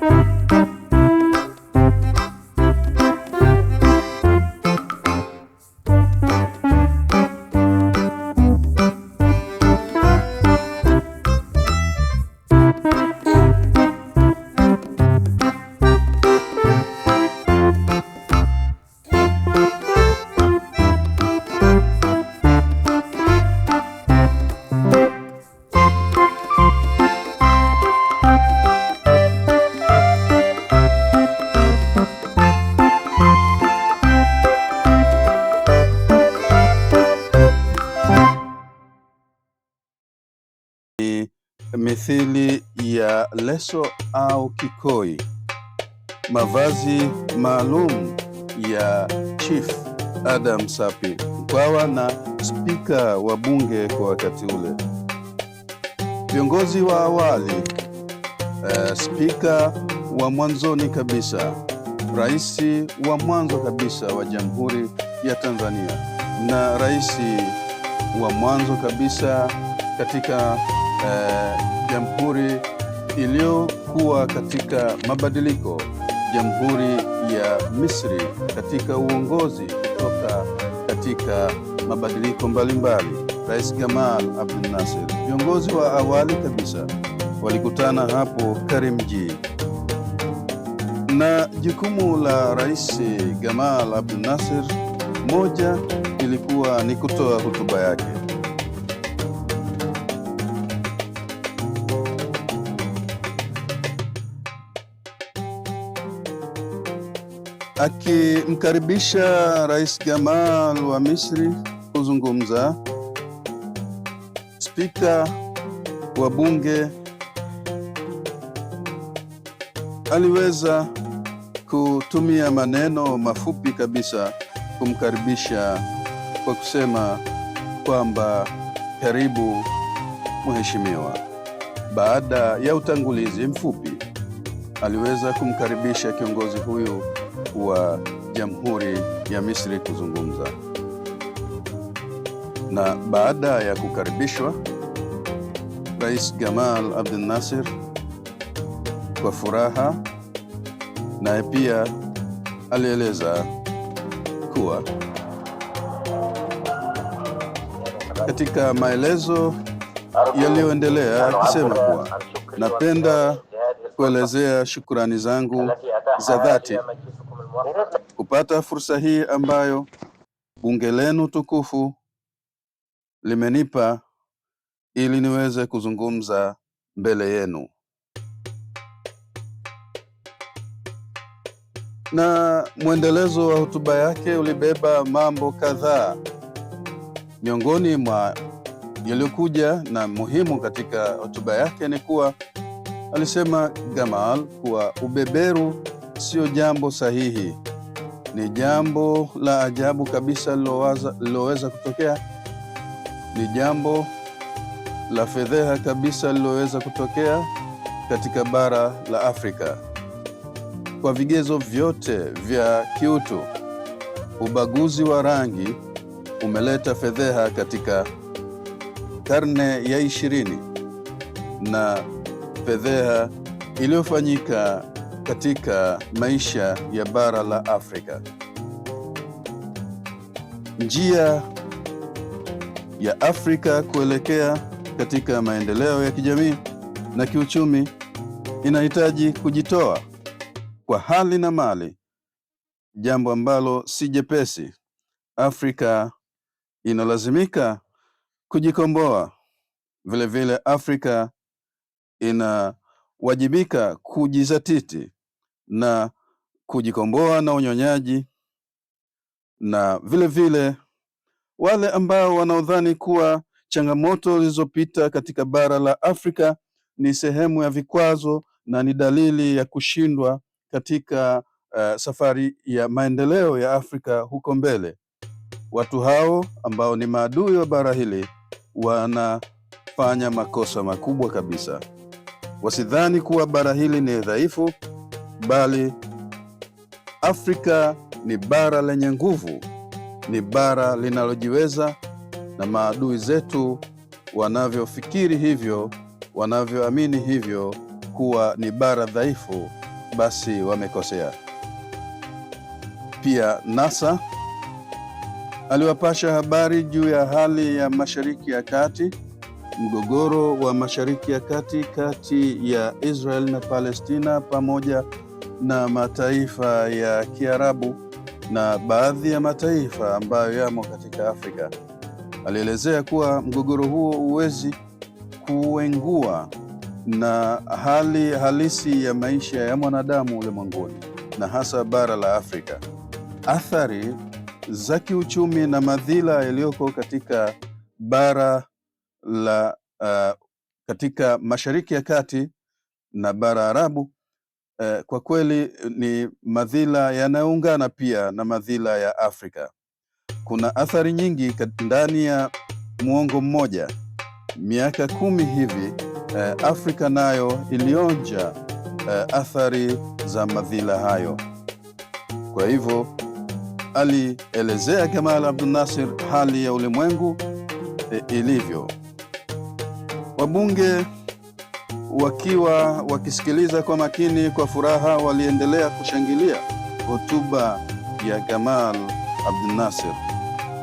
thank you leso au kikoi, mavazi maalum ya Chief Adam Sapi Mkwawa na spika wa bunge kwa wakati ule. Viongozi wa awali uh, spika wa mwanzoni kabisa, rais wa mwanzo kabisa wa Jamhuri ya Tanzania na rais wa mwanzo kabisa katika uh, Jamhuri iliyokuwa katika mabadiliko Jamhuri ya Misri katika uongozi kutoka katika mabadiliko mbalimbali. Rais Gamal Abdel Nasser, viongozi wa awali kabisa walikutana hapo Karimjee, na jukumu la Rais Gamal Abdel Nasser moja ilikuwa ni kutoa hotuba yake. akimkaribisha Rais Gamal wa Misri kuzungumza. Spika wa bunge aliweza kutumia maneno mafupi kabisa kumkaribisha kwa kusema kwamba karibu mheshimiwa. Baada ya utangulizi mfupi, aliweza kumkaribisha kiongozi huyu wa Jamhuri ya Misri kuzungumza. Na baada ya kukaribishwa, Rais Gamal Abdel Nasser kwa furaha naye pia alieleza kuwa katika maelezo yaliyoendelea akisema kuwa napenda kuelezea shukurani zangu za dhati kupata fursa hii ambayo bunge lenu tukufu limenipa ili niweze kuzungumza mbele yenu. Na mwendelezo wa hotuba yake ulibeba mambo kadhaa, miongoni mwa yaliyokuja na muhimu katika hotuba yake ni kuwa alisema Gamal kuwa ubeberu sio jambo sahihi. Ni jambo la ajabu kabisa lililoweza kutokea, ni jambo la fedheha kabisa lililoweza kutokea katika bara la Afrika kwa vigezo vyote vya kiutu. Ubaguzi wa rangi umeleta fedheha katika karne ya ishirini na fedheha iliyofanyika katika maisha ya bara la Afrika. Njia ya Afrika kuelekea katika maendeleo ya kijamii na kiuchumi inahitaji kujitoa kwa hali na mali, jambo ambalo si jepesi. Afrika inalazimika kujikomboa, vilevile Afrika inawajibika kujizatiti na kujikomboa na unyonyaji, na vile vile wale ambao wanaodhani kuwa changamoto zilizopita katika bara la Afrika ni sehemu ya vikwazo na ni dalili ya kushindwa katika uh, safari ya maendeleo ya Afrika huko mbele. Watu hao ambao ni maadui wa bara hili wanafanya makosa makubwa kabisa. Wasidhani kuwa bara hili ni dhaifu bali Afrika ni bara lenye nguvu, ni bara linalojiweza, na maadui zetu wanavyofikiri hivyo, wanavyoamini hivyo kuwa ni bara dhaifu, basi wamekosea. Pia NASA aliwapasha habari juu ya hali ya Mashariki ya Kati, mgogoro wa Mashariki ya Kati kati ya Israel na Palestina pamoja na mataifa ya Kiarabu na baadhi ya mataifa ambayo yamo katika Afrika. Alielezea kuwa mgogoro huo huwezi kuengua na hali halisi ya maisha ya mwanadamu ulimwenguni na hasa bara la Afrika. Athari za kiuchumi na madhila yaliyoko katika bara la uh, katika Mashariki ya Kati na bara Arabu Eh, kwa kweli eh, ni madhila yanayoungana pia na madhila ya Afrika. Kuna athari nyingi ndani ya muongo mmoja, miaka kumi hivi eh, Afrika nayo ilionja eh, athari za madhila hayo. Kwa hivyo alielezea Gamal Abdel Nasser hali ya ulimwengu eh, ilivyo. Wabunge Wakiwa wakisikiliza kwa makini, kwa furaha waliendelea kushangilia hotuba ya Gamal Abdel Nasser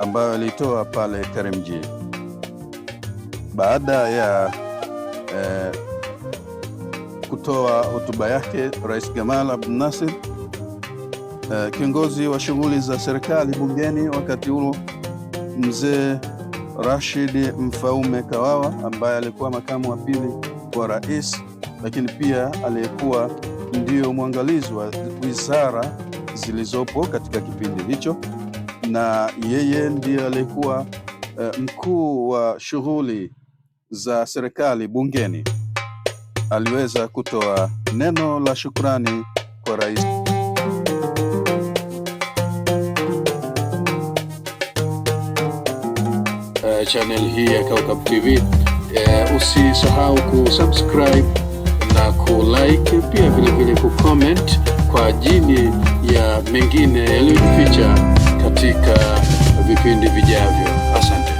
ambayo alitoa pale Karimjee baada ya eh, kutoa hotuba yake Rais Gamal Abdel Nasser eh, kiongozi wa shughuli za serikali bungeni wakati huo mzee Rashid Mfaume Kawawa ambaye alikuwa makamu wa pili aliyekuwa rais, lakini pia aliyekuwa ndio mwangalizi wa wizara zilizopo katika kipindi hicho, na yeye ndiye aliyekuwa uh, mkuu wa shughuli za serikali bungeni. Aliweza kutoa neno la shukrani kwa rais. Uh, channel hii ya Kaukab TV eh, usisahau kusubscribe na kulike, pia vilevile kucomment kwa ajili ya mengine yaliyojificha katika vipindi vijavyo. Asante.